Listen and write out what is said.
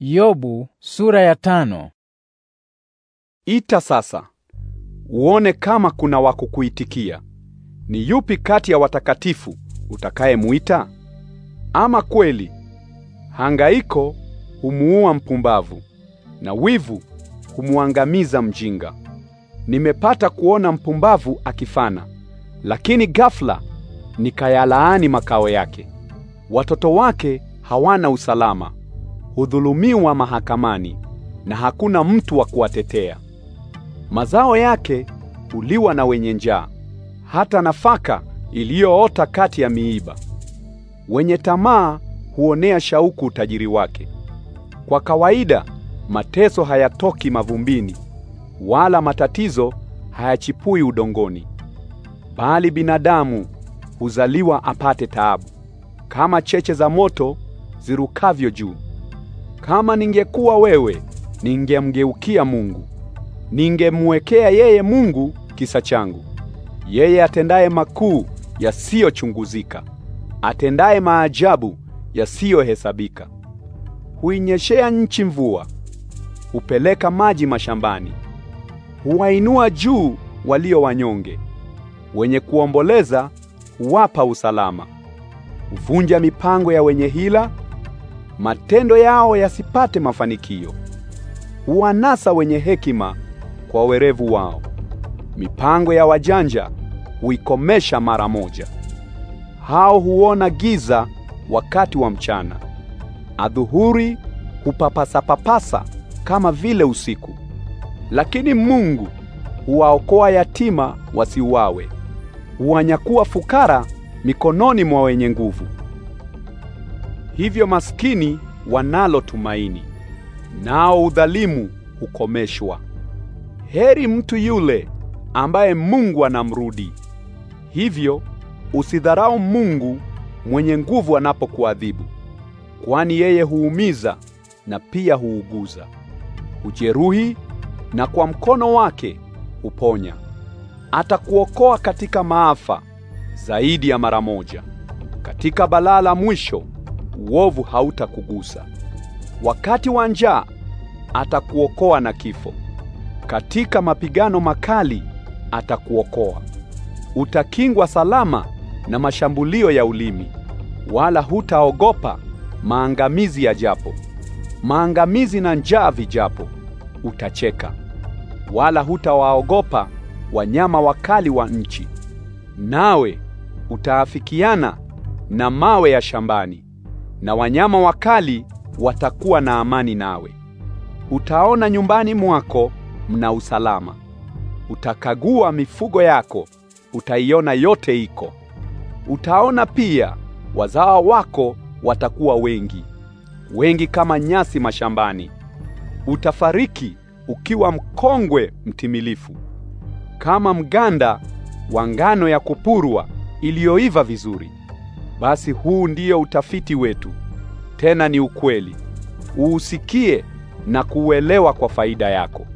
Yobu sura ya tano. Ita sasa uone kama kuna wakukuitikia Ni yupi kati ya watakatifu utakayemuita? Ama kweli hangaiko humuua mpumbavu na wivu humuangamiza mjinga. Nimepata kuona mpumbavu akifana, lakini ghafla nikayalaani makao yake. Watoto wake hawana usalama hudhulumiwa mahakamani na hakuna mtu wa kuwatetea. Mazao yake huliwa na wenye njaa, hata nafaka iliyoota kati ya miiba. Wenye tamaa huonea shauku utajiri wake. Kwa kawaida mateso hayatoki mavumbini, wala matatizo hayachipui udongoni, bali binadamu huzaliwa apate taabu, kama cheche za moto zirukavyo juu. Kama ningekuwa wewe, ningemgeukia Mungu, ningemwekea yeye Mungu kisa changu, yeye atendaye makuu yasiyochunguzika, atendaye maajabu yasiyohesabika. Huinyeshea nchi mvua, hupeleka maji mashambani, huwainua juu walio wanyonge, wenye kuomboleza huwapa usalama. Huvunja mipango ya wenye hila matendo yao yasipate mafanikio. huwanasa wenye hekima kwa werevu wao, mipango ya wajanja huikomesha mara moja. Hao huona giza wakati wa mchana, adhuhuri hupapasa-papasa kama vile usiku. Lakini Mungu huwaokoa yatima wasiuawe, huwanyakuwa fukara mikononi mwa wenye nguvu hivyo maskini wanalo tumaini, nao udhalimu hukomeshwa. Heri mtu yule ambaye Mungu anamrudi. Hivyo usidharau Mungu mwenye nguvu anapokuadhibu, kwani yeye huumiza na pia huuguza, hujeruhi na kwa mkono wake huponya. Atakuokoa katika maafa zaidi ya mara moja, katika balaa la mwisho uovu hautakugusa. Wakati wa njaa atakuokoa na kifo, katika mapigano makali atakuokoa. Utakingwa salama na mashambulio ya ulimi, wala hutaogopa maangamizi ya japo maangamizi na njaa vijapo, utacheka wala hutawaogopa wanyama wakali wa nchi, nawe utaafikiana na mawe ya shambani na wanyama wakali watakuwa na amani nawe. Utaona nyumbani mwako mna usalama. Utakagua mifugo yako, utaiona yote iko. Utaona pia wazao wako watakuwa wengi, wengi kama nyasi mashambani. Utafariki ukiwa mkongwe mtimilifu, kama mganda wa ngano ya kupurwa iliyoiva vizuri. Basi huu ndiyo utafiti wetu, tena ni ukweli. Uusikie na kuuelewa kwa faida yako.